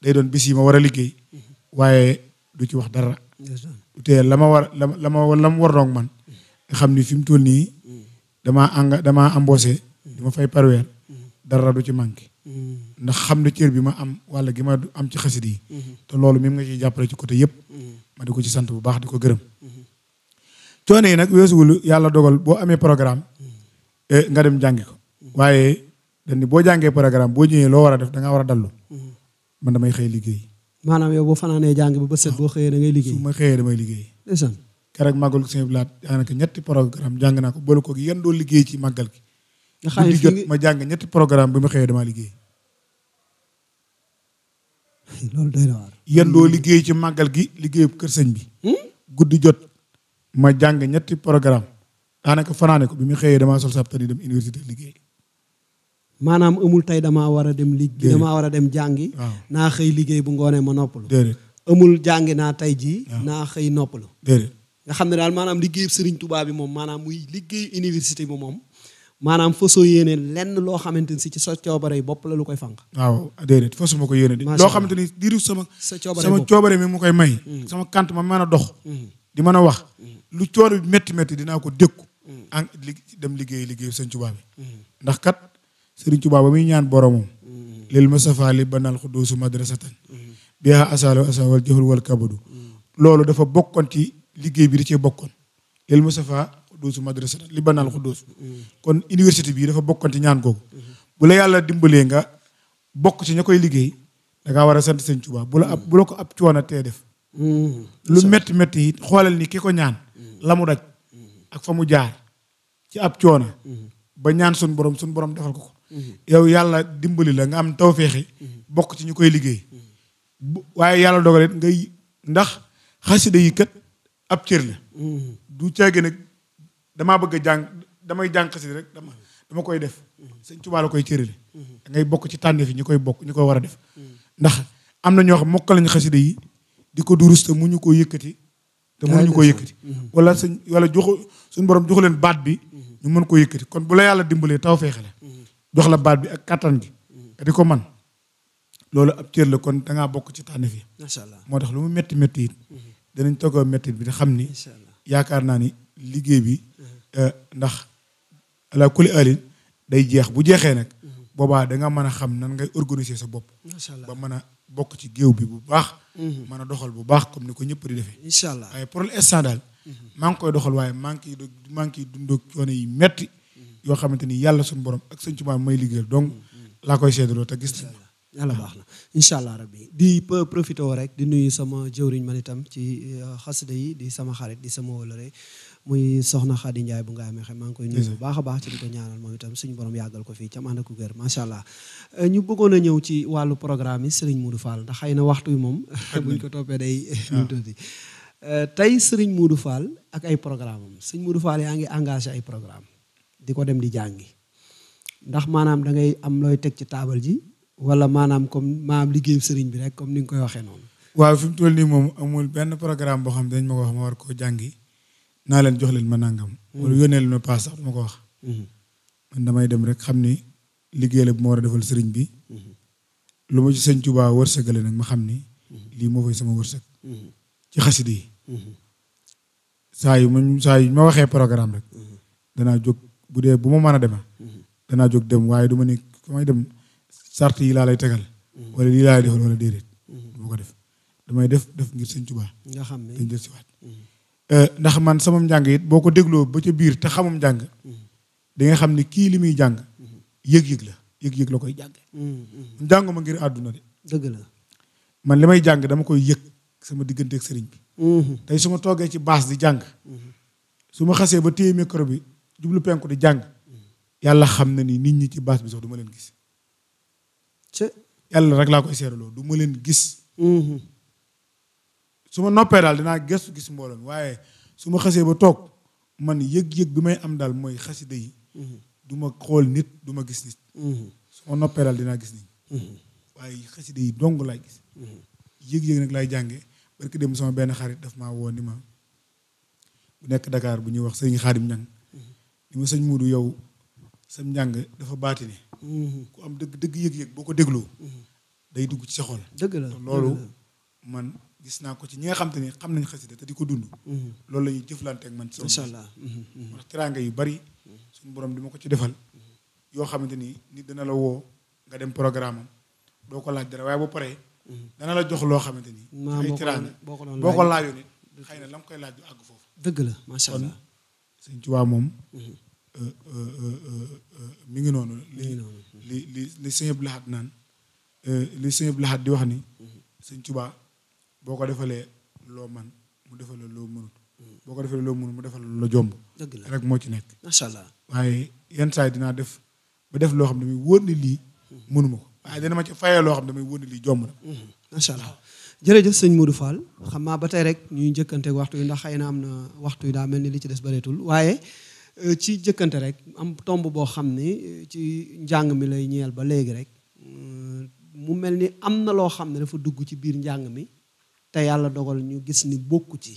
day doon bis yi ma war a liggéey waaye du ci wax dara la ma war la la ma la mu war ni fi mu toll nii damaa anga damaa embauché ma fay par dara du ci manqué ndax xam ne cër bi ma am wala gi ma am ci xasit yi te loolu même nga ci jàppale ci côté yëpp ma di ko ci sant bu baax di ko gërëm coono yi nag weesuwul yàlla dogal boo amee programme e, nga dem jàngi ko waaye dañ ni boo jàngee programme boo ñëwee loo war a def da ngaa a dallu man damay xëy liggéey maanaam yow boo fanaanee jàng ba bët set boo xëyee da liggéey su ma xëyee damay liggéey ndeysaan keroog màggal ko seen daanaka ñetti programme jàng naa ko boole yéen doo liggéey ci màggal gi nga ma jàng ñetti programme bi mu xëyee damaa liggéey. loolu doy liggéey ci màggal gi liggéeyub kër sëñ bi. Hmm? guddi jot ma jàng ñetti programme daanaka fanaane ko bi mu xëyee damaa sol sabtani dem université liggéey. maanaam amul tey dama war a dem liggéey damaa war a dem jàngi. naa xëy liggéey bu ngoonee ma noppalu. déedéet amul jàngi naa tey jii. naa xëy noppalu. déedéet nga xam ne daal maanaam liggéeyu Serigne Touba bi moom maanaam muy liggéey université bi moom. maanaam fasoo yéene lenn loo xamante ni si ci sa coobare yi bopp la lu koy fànq waaw déedéet fasu ma ko yéene di loo xamante ni diiru sama sa sama coobare mi mu koy may mm. sama kant ma mën a dox mm. di man a wax mm. lu coono bi métti métti dinaa ko dékku en li dem liggéey liggéey sëñ Tuubaa bi ndax kat sëriñ Tuubaa ba muy ñaan boromam lil Mustafa li banal xuduusu madrasatan biha asalo asal wal jëxul wal kabadu loolu dafa bokkoon ci liggéey bi da cee bokkoon lil xuddoosu madrasata li banaal xuddoos mm. mm. kon université bi dafa bokkoon ci ñaan googu bu la yàlla dimbalee nga bokk ci ña koy liggéey danga ngaa war a sant sëñ Tuubaa bu la ab mm. bu la ko ab coono te def lu métti métti it xoolal ni ki ko ñaan la mu daj ak fa mu jaar ci ab coono ba ñaan suñ borom suñ borom defal ko ko yow yàlla dimbali la nga am tawféexi bokk ci ñu koy liggéey waaye yàlla dogal nga ngay ndax xasida yi kat ab cër la du caagi nag damaa bëgg a jàng damay jàng xasida rek dama dama koy def sëñ Tuubaa la koy cërale da ngay bokk ci tànneef yi ñu koy bokk ñu koy war a def ndax am na ñoo xam mokk lañ xasida yi di ko durus te mu ñu ko yëkkati te mënuñu ko yëkkati wala sëñ wala joxu suñu borom joxu leen baat bi ñu mën ko yëkkati kon bu la yàlla dimbalee taw feexale jox la baat bi ak kattan gi di ko man loolu ab cër la kon dangaa bokk ci tànneef fi macha moo tax lu mu métti métti it danañ toog métti bi xam ni yaakaar naa ni liggéey bi Euh, ndax ala kulli alin day jeex bu jeexee nag mhm. boobaa da mën a xam nan ngay organiser sa bopp macha allah ba mën a bokk ci géew bi bu baax mhm. mën a doxal bu baax comme ni ko ñëpp di defee incha allah waaye pour l'instant daal mhm. maa ngi koy doxal waaye maa ngi koy maa ngi koy yi metti yoo xamante ni yàlla suñu borom ak sëñ Tuubaa may liggéeyal donc laa koy seedaloo te gis nañ yàlla baax na incha allah rabbi di profité rek di nuyu sama jëwriñ man itam ci euh, xasida yi di sama xarit di sama wolore muy soxna Khady Ndiaye bu nga amee xam maa ngi koy nuyu bu mm-hmm. baax a baax ci di ko ñaanal moom itam suñu borom yàggal ko fii cam ànd ak gër macha allah euh, ñu bëggoon a ñëw ci wàllu programme yi Serigne Modou Fall ndax xëy na waxtu wi moom [laughs] buñ ko toppee day ñu ah. [laughs] tuddi euh, tey Serigne Modou Fall ak ay programme am Serigne Modou Fall yaa ngi engagé ay programme di ko dem di jàngi ndax maanaam da ngay am looy teg ci taabal ji wala maanaam comme maanaam liggéeyu Serigne bi rek comme ni nga koy waxee noonu waaw fi toll nii moom amul benn programme boo xam dañ ma ko wax ma war koo jàngi naa leen jox leen ma nangam. Mm-hmm. wala yónnee leen ma paas sax ma ko wax. Mm-hmm. man damay dem rek xam ni liggéey bu ma war a defal sëriñ bi. Mm-hmm. lu ma ci sëñ Tuubaa wërsëgale nag ma xam ni. lii moo fay sama wërsëg. ci xasida yi. saa yu ma saa yu ma waxee programme rek. danaa jóg bu dee bu ma man a demee. danaa jóg dem waaye du ma ne fu may dem sart yi laa lay tegal. wala lii laa lay defal wala déedéet. du ko def damay def def ngir sëñ Tuubaa. nga xam ne si waat. Euh, ndax man sama njàng it boo ko dégloo ba ca biir te xamum njàng di nga xam ne kii li muy jàng yëg-yëg la yëg la koy jànge mm-hmm. njàngu ma ngir àdduna de dëgg la man li may jàng dama koy yëg sama diggante sëriñ bi mm-hmm. tey su ma toogee ci baas di jàng su ma xasee ba téye micro bi jublu penku di jàng mm-hmm. yàlla xam ne ni nit ñi ci baas bi soo du ma leen gis yàlla rek laa koy seeraloo duma leen gis su ma noppee daal dinaa gëstu gis mbooloo mi waaye su ma xasee ba toog man yëg-yëg bi may am daal mooy xasida yi mm-hmm. du ma xool nit du ma gis nit mm-hmm. su ma noppee daal dinaa gis nit mm-hmm. waaye xasida yi dong laay gis yëg-yëg nag laay jànge barki dem sama benn xarit daf ma woo ni ma bu nekk Dakar bu ñuy wax sëriñ Xaadim ñang ni ma sëñ Muudu yow sam njàng dafa baatine ku am dëgg dëgg yëg-yëg boo ko dégloo day dugg ci sa xol dëgg la loolu man gis naa ko ci ñi nga xam te ne xam nañ xasida te di ko dund mhm. loolu la ñuy jëflante ak man ci incha allah ndax mhm, mhm. teraanga yu bari suñu borom di ma ko ci defal yoo xamante ni nit dana la woo nga dem programme am ko laaj dara waaye bu paree dana la jox loo xamante ni ay boo ko laajoon it xëy na la nga koy laaj du àgg foofu dëgg la macha allah sëñ Tuubaa moom euh, euh, euh, mi ngi noonu li li li li li sëñ di wax ni boo ko defalee loo man mu defal la loo mënut boo ko defalee loo mënut mu defal la jomb rek moo ci nekk macha allah waaye yenn saay dinaa def ba def loo xam ne damay wóor ni lii mënuma ko waaye ma ci loo xam ne damay wóor ni lii jomb na hmm. macha allah jërëjëf sëñ Modou Fall xam naa ba tey rek ñuy njëkkante waxtu yi ndax xëy na am na waxtu yi daa mel ni li ci des bareetul waaye euh, ci jëkkante rek am tomb boo xam ni euh, ci njàng mi lay ñeel ba léegi rek hmm, mu mel ni am na loo xam ne dafa dugg ci biir njàng mi te yàlla dogal ñu gis ni bokk ci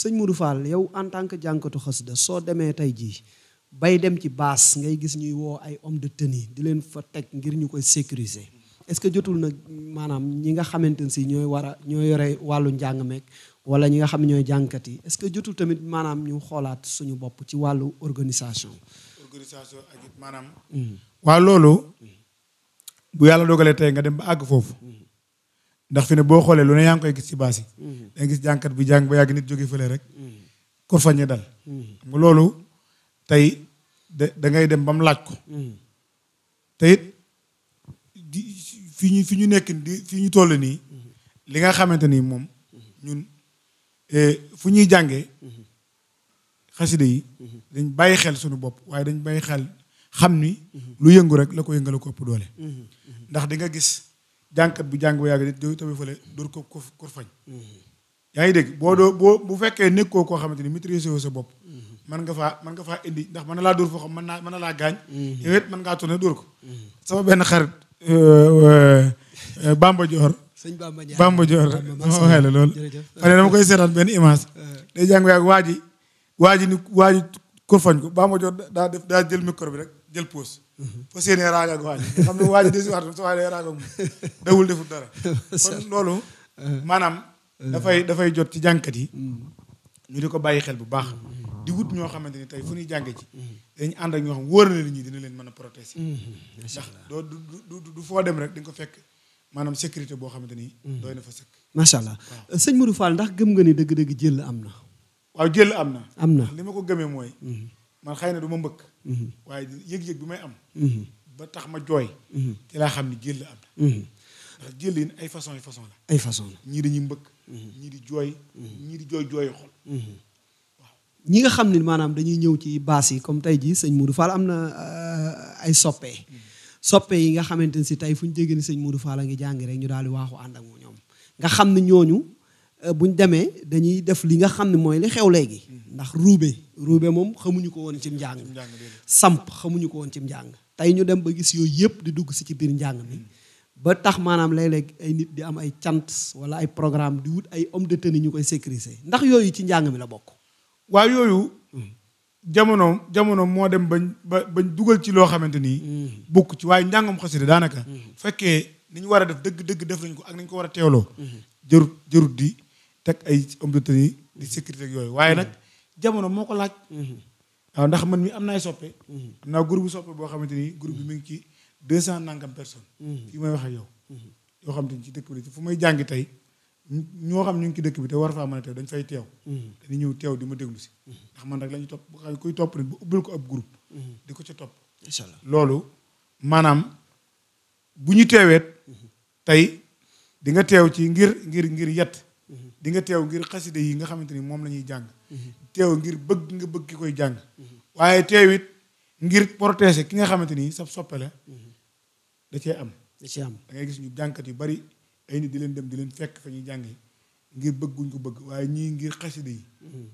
sëñ Modou Fall yow en tant que jànkatu xasida soo demee tey jii bay dem ci baas ngay gis ñuy woo ay homme de tenue di leen fa teg ngir ñu koy sécuriser est-ce que jotul nag maanaam ñi nga xamante ne si ñooy war a ñoo yore wàllu njàng meek wala ñi nga xam ne ñooy jànkat yi est-ce que jotul tamit maanaam ñu xoolaat suñu bopp ci wàllu organisation. organisation ak it maanaam. Hmm. waaw loolu. bu yàlla dogalee tey nga dem ba àgg foofu. Hmm. ndax fi ne boo xoolee lu ne yaa ngi koy gis ci baas yi. Mhm. danga gis jànkat bi jàng ba yàgg nit jóge fële rek. Mhm. ko fañe dal. mu mhm. loolu tey da dem ba mu laaj ko. te it fi ñu nekk di fi ñu toll nii. li nga xamante ni moom. ñun e, fu ñuy jàngee. xaside yi. dañ bàyyi xel suñu bopp waaye dañ bàyyi xel xam ni. lu yëngu rek la ko yëngale ko ëpp doole. ndax di gis. jàngkat bu jàng ba yàgg nit doy tabi fële dóor ko kur fañ mm-hmm. yaa ngi dégg boo doo boo bu fekkee nekkoo koo xamante ni maîtriser woo sa bopp man mm-hmm. nga faa man nga faa indi ndax mën na laa dóor foo xam man naa mën na laa gaañ mm-hmm. yow it mën ngaa tourné dóor ko sama benn xarit euh, euh, euh, Bamba Dior sëñ Bamba Dior Bamba Dior sama waxee la loolu fa ne dama koy seetaan benn image day waa ji waa ji ni waa ji kur fañ ko Bamba daa def daa jël micro bi rek jël pause. fa séenee raag xam ne waaj desiwaat su waaye raag ak dawul deful dara kon loolu maanaam dafay dafay jot ci jànkat yi ñu di ko bàyyi xel bu baax di wut ñoo xamante ni tey fu ñuy jànge ci dañu ànd ak ñoo xam wóor na leen ñi dina leen mën a protéger mm-hmm. ndax doo du du foo dem rek di nga ko fekk maanaam sécurité boo xamante ni mm-hmm. doy na fa sëkk macha allah sëñ Modou Fall ndax gëm nga ni dëgg-dëgg jël am na waaw jël am na am na li ma ko gëmee mooy mm-hmm. man xëy na du ma mbëkk Mhm. waaye yëg-yëg bi may am. Mhm. ba tax ma jooy. Mhm. ci laa xam ni jël la am na. ndax jël yi ay façon yi la. ay façon la ñii dañuy mbëkk. ñii di jooy. ñii jooy jooy xol. ñi nga xam ne maanaam dañuy ñëw ci baas yi comme tey jii sëñ Modou Fall am na euh, ay soppe. soppe yi nga xamante ne si tey fu ñu déggee ni sëñ Modou faa a ngi jàng rek ñu daal di waaxu ànd ak ñoom nga xam ne ñooñu. Euh, bu ñu demee dañuy def li nga xam ne mooy li xew léegi. ndax ruube ruube moom xamuñu ko woon ci njàng. samp xamuñu ko woon ci njàng. tey ñu dem ba gis yooyu yëpp di dugg si ci biir njàng mi. ba tax maanaam léeg-léeg ay nit di am ay cant wala ay programme di ay homme de ñu koy sécuriser ndax yooyu ci njàng mi la bokk. waaw yooyu. jamono jamono moo dem bañ ba bañ dugal ci loo xamante ni. Mm. bokk ci waaye njàngam xasida daanaka. Mm. fekkee ni ñu war a def dëgg dëgg def nañ ko ak nañ ko war a teewloo. Mm. jërut jërut di. teg ay homme de di sécurité yooyu waaye mm-hmm. nag jamono moo ko laaj. Mm-hmm. waaw ndax man mi am naay soppe. Mm-hmm. am naa groupe soppe boo xamante ni groupe bi mi ngi ci deux cent nangam personnes. fii may wax ak yow. yoo xam te ci dëkk bi fu may jàngi tey ñoo xam ñu ngi ki dëkk bi te war faa mën a teew dañ fay teew. dañuy ñëw teew di ma déglu si. ndax man rek la ñuy topp bu xam kuy topp rek bu ubbil ko ab groupe. di ko ca topp. loolu maanaam bu ñu teeweet. tey di nga teew ci ngir ngir ngir yet. di nga teew ngir xaside yi nga xamante ni moom la ñuy jàng teew ngir bëgg nga bëgg ki koy jàng waaye teew it ngir protéger ki nga xamante ni sa soppe la da cee am da cee am gis ñu jànkat yu bari ay nit di leen dem di leen fekk fa ñuy jàng ngir bëgguñ ko bëgg waaye ñii ngir xaside yi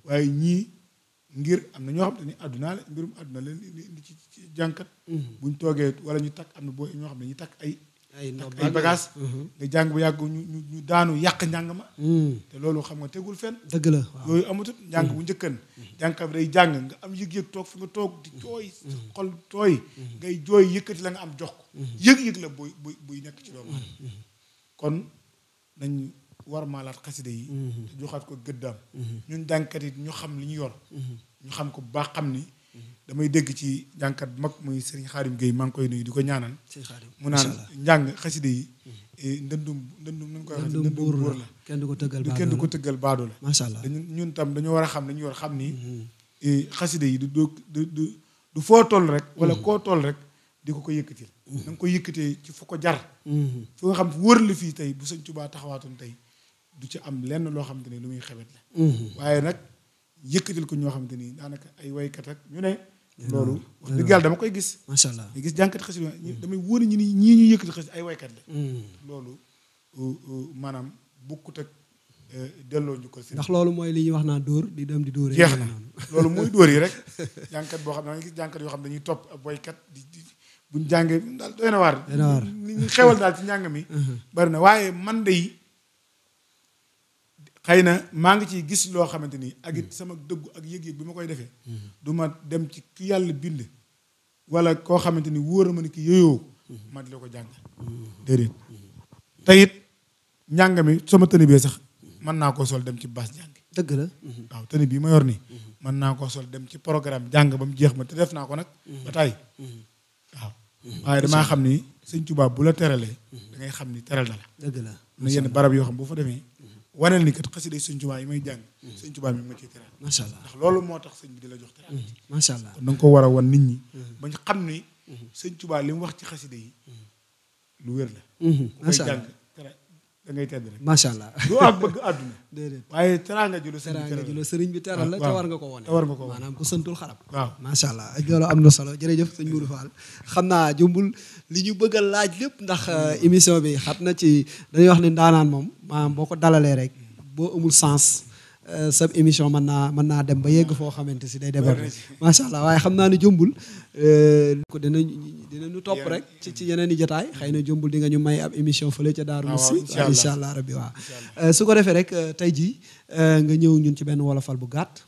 waaye ñii ngir am na ñoo xam te ni àdduna la mbirum àdduna la li ci jànkat mm-hmm. buñ toogee wala ñu takk am na boo ñoo xam ne ñu takk ay ay bagages mhm. nga jàng bu yàgg ñu ñu daanu yàq njàng ma mm. te loolu xam nga tegul fenn dëgg la yooyu amatut njàng mm. bu njëkkan jàngka bi day jàng nga am yëg-yëg toog fi nga toog di jooy mm. xol tooy ngay jooy yëkkati la nga am jox ko yëg la buy buy buy nekk ci doomu kon nañ war maalaat xasida yi mm-hmm. te joxaat ko gëddaam mm-hmm. ñun jàngkat yi ñu xam li ñu yor mm-hmm. ñu xam ko bu xam ni damay dégg ci jànkat bu mag muy Serigne Xaadim Gueye maa ngi koy nuyu di ko ñaanal. mu naan njàng xaside yi. Mm-hmm. Eh, ndëndum ndëndum nañu koy waxee ndëndum la kenn du ko tëggal baadoo du ko tëggal baadoo la. allah dañu ñun tam dañoo war a xam war a xam ni. Mm-hmm. Eh, xaside yi du du du du foo toll rek. wala mm-hmm. koo toll rek di ko ko yëkkatil. na nga ko yëkkatee ci fu ko jar. fu nga xam wër la fii tey bu sëñ Tuubaa taxawaatoon tey du ci am lenn loo xam te ne lu muy xewet la. waaye nag. yëkkatil ko ñoo xamante ni daanaka ay waykat ak ñu ne. loolu wax dëgg yàlla dama koy gis. macha allah gis jànkat xasida damay wóor ñu ni ñii ñuy yëkkatil xasida ay waykat la. Hmm. loolu euh, euh, maanaam bukkut ak euh, delloo ñu ko si. ndax loolu mooy li ñuy wax naa dóor di dem di dóoree. jeex na [laughs] loolu mooy dóor yi rek [laughs] jànkat boo xam ne da ngay gis jànkat yoo xam ne dañuy topp ab waykat di di buñ jàngee daal doy na waar. doy ñu xewal daal ci njàng mi. [laughs] Uh-huh. bari na waaye man de yi xay na maa ngi ciy gis loo xamante ni ak it sama dëggu ak yëg-yëg bi ma koy defee du ma dem ci ki yàlla bind wala koo xamante ni wóor a ma ni ki yooyoo ma ko jàngal déedéet te mi sama tëni bee sax mën naa koo sol dem ci bas jàng dëgg la waaw tëni bii ma yor nii mën naa koo sol dem ci programme jàng ba mu jeex ma te def naa ko nag ba tàyyi waaw waaye damaa xam ni sëñ Tuubaa bu la teralee da ngay xam ni tereel na la dëgg la na yenn barab yoo xam boo fa demee waneel ni kat xasida sëñ Tuubaa yi may jàng sëñ Tuubaa mi ma ciy ndax loolu moo tax sañ bi di la jox teral mm-hmm. macha allah kon da ko war a wan nit ñi mm-hmm. bañ xam ni mm-hmm. sañ Tuubaa li mu wax ci xasida yi lu wér la ku jàng da ngay tedd rek macha allah [laughs] du ak bëgg àdduna [laughs] déedéet waaye teraanga ju la la sëriñ bi teral la te war nga ko wone maanaam ku santul xarab waaw allah am na solo jërëjëf sëñ Mourou Fall xam naa jumbul li ñu bëgg laaj lépp ndax euh, émission bi xat na ci dañuy wax ne ndaanaan moom maanaam boo ko dalalee rek boo amul sens Euh, sa émission mën naa mën naa dem ba yegg foo xamante si day débat macha allah waaye xam naa ne jombul euh, ko dinañ topp rek ci ci yeneen i jotaay xëy na jombul di nga ñu may ab émission fële ca Daaru ah Musi incha allah rabbi waaw euh, su ko defee rek tey ji nga ñëw ñun ci benn wolofal bu gàtt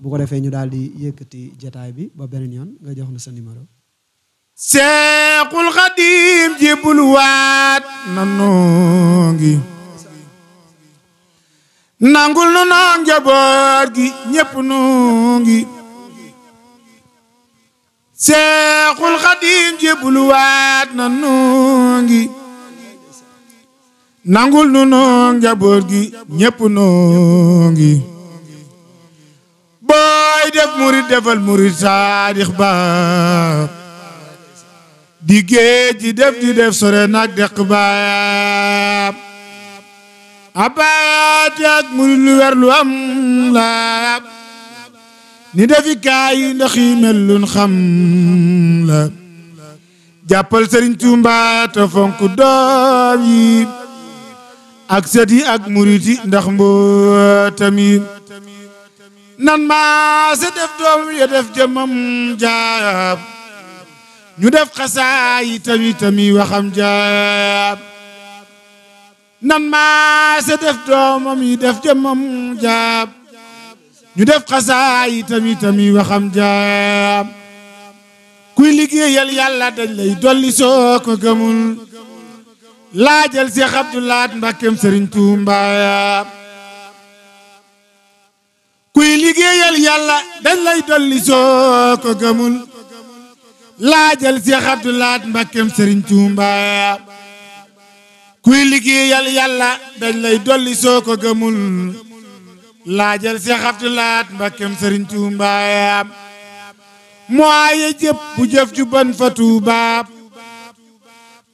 bu ko defee ñu daal di yëkkati jotaay bi ba beneen yoon nga jox na sa numéro Seexul Xadiim jibul waat nanoo ngi nangul nu noo njaboot gi ñépp nu ngi seexul xadiim jébbaluwaat na nu ngi nangul nu noo njaboot gi ñépp nu booy def murit defal murit saadix ba di di def di def sore nag deq ba abayaati ak murid lu wer lu am la ni defikaay ndax yi mel luñ xam la jàppal sëriñ Tuuba te fonk doom yi ak sët yi ak murit yi ndax mbootam yi nan maa sa def doom ya def jëmmam jaab ñu def xasaay tami tami waxam jaab nan maase def doomam yi def jëmmam jaab ñu def xasaay itam itam yi waxam jaab kuy liggéeyal yàlla dañ lay dolli soo ko gëmul laajal Seex Abdu Lahat Mbàkkeem Sëriñ Tuubaa kuy yàlla dañ lay dolli soo Sëriñ Tuubaa kuy liggéeyal yàlla dañ lay dolli soo ko gëmul laajal Seex Abdulaat Mbàkkem Sëriñ Tuubaa mooye jëpp bu jëf ju ban fa Tuubaa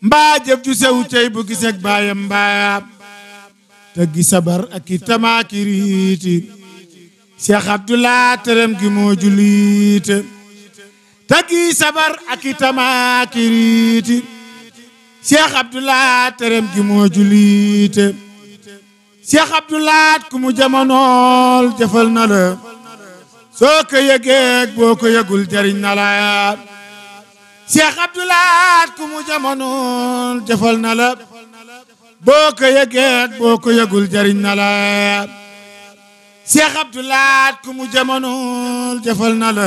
mbaa jëf ju sew cey bu gisek baayam mbaayam tëggi sabar ak i tamaa ki riiti Seex Abdulaat gi moo juliite tëggi sabar ak i tamaa Cheikh Abdoulaat terem gi moo juliite Cheikh Abdoulaat ku mu jamonool jëfal na ko yëgeeg boo ko jariñ na la ku mu jamonool jëfal na la boo ko yëgeeg boo ko yëgul jariñ na la Cheikh Abdoulaat ku mu jamonool jëfal na la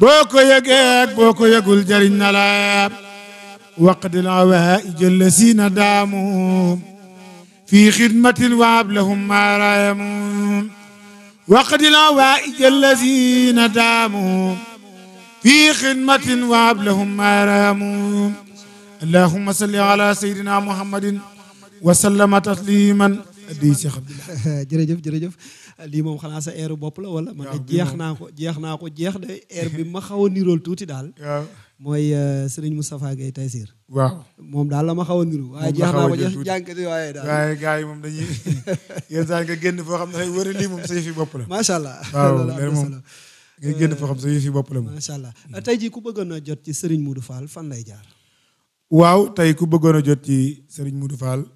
boo ko yëgeeg boo ko waqdi lawaaij allazina daamu fi xidmatin waab lahum maa raayamu waqdi lawaaij allazina daamu fi xidmatin waab lahum maa raayamu allahumma salli ala sayyidina muhammadin wa sallama tasliman di si xam jërëjëf jërëjëf lii moom xanaa sa eeru bopp la wala man jeex naa ko jeex naa ko jeex de eer bi ma xaw a nirool tuuti daal mooy euh, sëriñ Moustapha Gueye Taysir. waaw moom daal la ma xaw a niru. waaye jeex naa ko jeex jànkati waaye daal. gars yi moom dañuy [laughs] yenn saa génn foo xam ne ay wëri moom sa bopp la. macha allah waaw moom nga génn foo xam euh, sa bopp la moom. macha allah euh, tey jii ku bëggoon a jot ci sëriñ Modou faal fan lay jaar. waaw tey ku bëggoon a jot ci sëriñ Modou Fall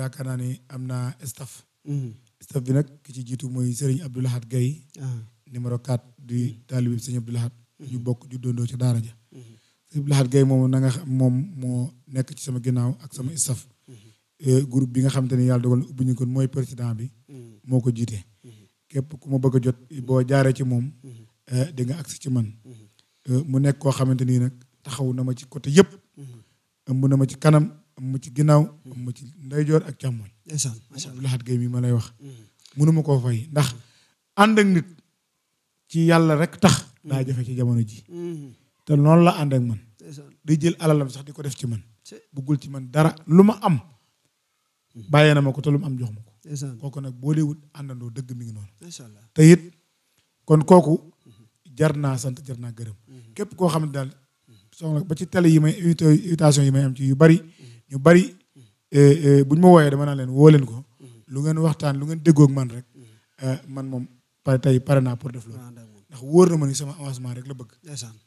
yaakaar naa ni am na staff. Mhm. staff bi nag ki ci jiitu mooy sëriñ Abdoulahat Gueye. Ah. numéro 4 du mhm. taalibe sëriñ Abdoulahat. Mhm. ñu bokk ju dondoo ca daara ja Abdou Lahad Gaye moom na nga moom moo nekk ci sama ginnaaw ak sama staff mm-hmm. eh, groupe bi nga xam te ne yàlla dogal na ubbi ñu kon mooy président bi mm-hmm. moo ko jiite mm-hmm. képp ku ma bëgg a jot boo jaaree ci moom eh, di nga si ci man eh, mu nekk koo xamante nii nag taxaw na ma ci côté yëpp ëmb na ma ci kanam ëmb ci ginnaaw ëmb ci ndeyjoor ak càmmoñ Abdou Lahad Gaye mi ma lay wax mënuma koo fay ndax ànd ak nit ci yàlla rek tax daa jafe ci jamono ji te noonu la ànd ak man day jël alalam sax di ko def ci man bëggul ci man dara lu ma am bàyyee na ma ko te lu ma am jox ma ko kooku nag boo dee wut àndandoo dëgg mi noonu te it kon kooku jar naa sant jar naa gërëm mhm. képp koo xam ne daal soxla ba ci télé yi may invitation yi may am ci yu bari ñu bari eh, eh, bu ñu ma wooyee dama naa leen woo leen ko mhm. lu ngeen waxtaan lu ngeen déggoog man rek mhm. eh, man moom pare tey pare naa pour def loolu ah, ndax wóor na ma ni sama avancement rek la bëgg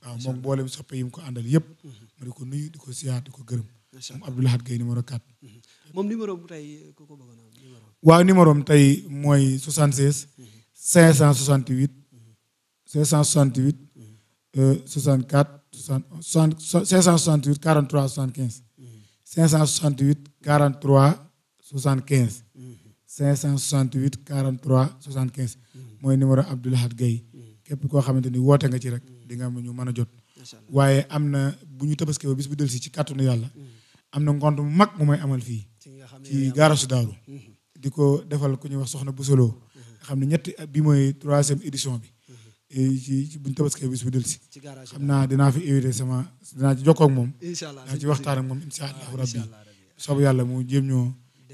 waaw moom boole soppe yi mu ko àndal yëpp mhm. ma di ko nuyu di ko siyaar di ko gërëm moom Abdou Lahad Gaye numéro 4 mhm. moom numéro bu tey ku ko bëgg na waaw numéro am tey mooy 76 568 568 64 60 568 43 75 568 43 mooy numéro Abdou Lahad Gaye képp koo xamante ni woote nga ci rek mm. di nga am ñu mën a jot waaye am na bu ñu tabaskee ba bis bu delsi ci kàttanu yàlla mm. am na ngont mu mag mu may amal fii ci gaarasu daaru mm-hmm. di ko defal ku ñu wax soxna Busoloo mm-hmm. nga xam ne ñetti bi mooy troisième édition bi mm-hmm. eh, ci buñ tabaskee bis bu delsi xam naa dinaa fi évité sama dinaa ci jokkoo ak moom dinaa ci waxtaan ak moom insha allahu rabbi soobu yàlla mu jéem ñoo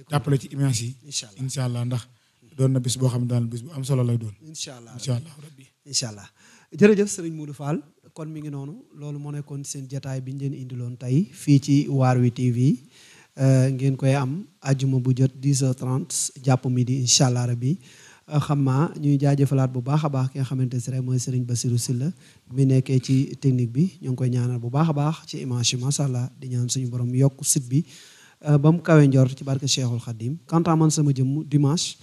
jàppale ci image yi ndax doon na bis boo xam ne daal bis bu am solo lay doon. incha allah incha allah rabbi incha allah jërëjëf sëriñ Modou Fall kon mi ngi noonu loolu moo nekkoon seen jataay bi ñu leen indiloon tey fii ci waar wi TV euh, ngeen koy am ajuma bu jot 10h30 jàpp di incha allah rabbi euh, xam naa ñuy jaajëfalaat bu baax a baax ki xamante si rek mooy ba Serigne Bassirou Sylla mu nekkee ci technique bi ñoo ngi koy ñaanal bu baax a baax ci image yi macha allah di ñaan suñu borom yokk site bi euh, ba mu kawe njor ci barke Cheikhul Khadim quant à man sama jëmm dimanche.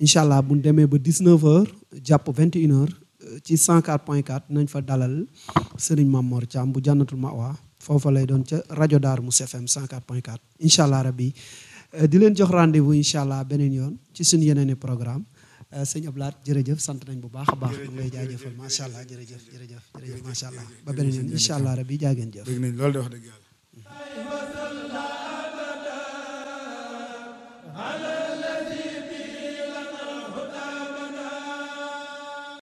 incha allah bu ñu demee ba 19h jàpp 21h euh, ci 104.4 nañ fa dalal Serigne Mamor Thiam bu jànnatul Mawa foofa lay doon ca rajo Darou Moussa FM 104.4 incha allah rabbi euh, di leen jox rendez-vous incha allah beneen yoon ci suñu yeneeni programme euh, sëñ Ablaat jërëjëf sant nañ bu baax a baax ñu lay jaajëfal macha allah jërëjëf jërëjëf jërëjëf macha allah ba beneen yoon incha allah bi jaageen jëf dégg nañ loolu de